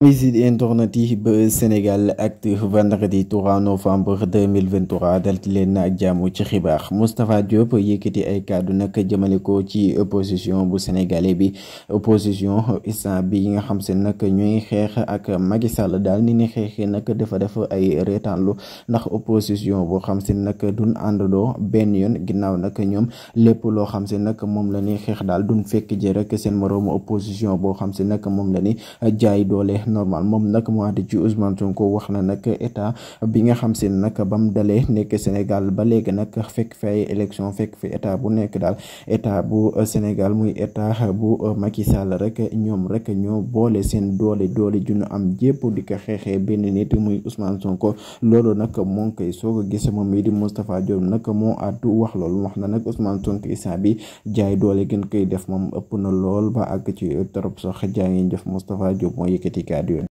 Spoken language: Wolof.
misid internet yi ba Sénégal Actu vendredi 3 novembre 2023 dalti leen na ak jàmm ci xibaar Moustapha Diop yëkkati ay kàddu nag jëmale ko ci opposition bu sénégalais bi opposition instant bi yi nga xam seen nag ñuy xeex ak Macky Sall daal ni ni xeexee nag dafa def ay reetaanlu ndax opposition boo xam se nag duñ àndandoo benn yoon ginnaaw nag ñoom lépp loo xam se nag moom la ni xeex daal duñ fekk ji rek seen moroomu opposition boo xam se nag moom la ni jaay doole normal moom nag moo àddi ci Ousmane Sonko wax na nag état bi nga xam seen nag ba mu dalee nekk Sénégal ba léegi nag fekk fi ay fekk fi état bu nekk daal état bu Sénégal muy état bu Macky Sall rek ñoom rek ñoo boole seen doole doole ju ñu am jépp di ko xeexee benn nit muy Ousmane Sonko loolu nag moo ngi koy soog a gis moom mii di Moustapha nag moo àddu wax loolu wax na nag Ousmane Sonko instant bi jaay doole gën koy def moom ëpp na lool ba àgg ci trop sax jaay ngeen jëf Moustapha Diop moo yëkkati daa di yoon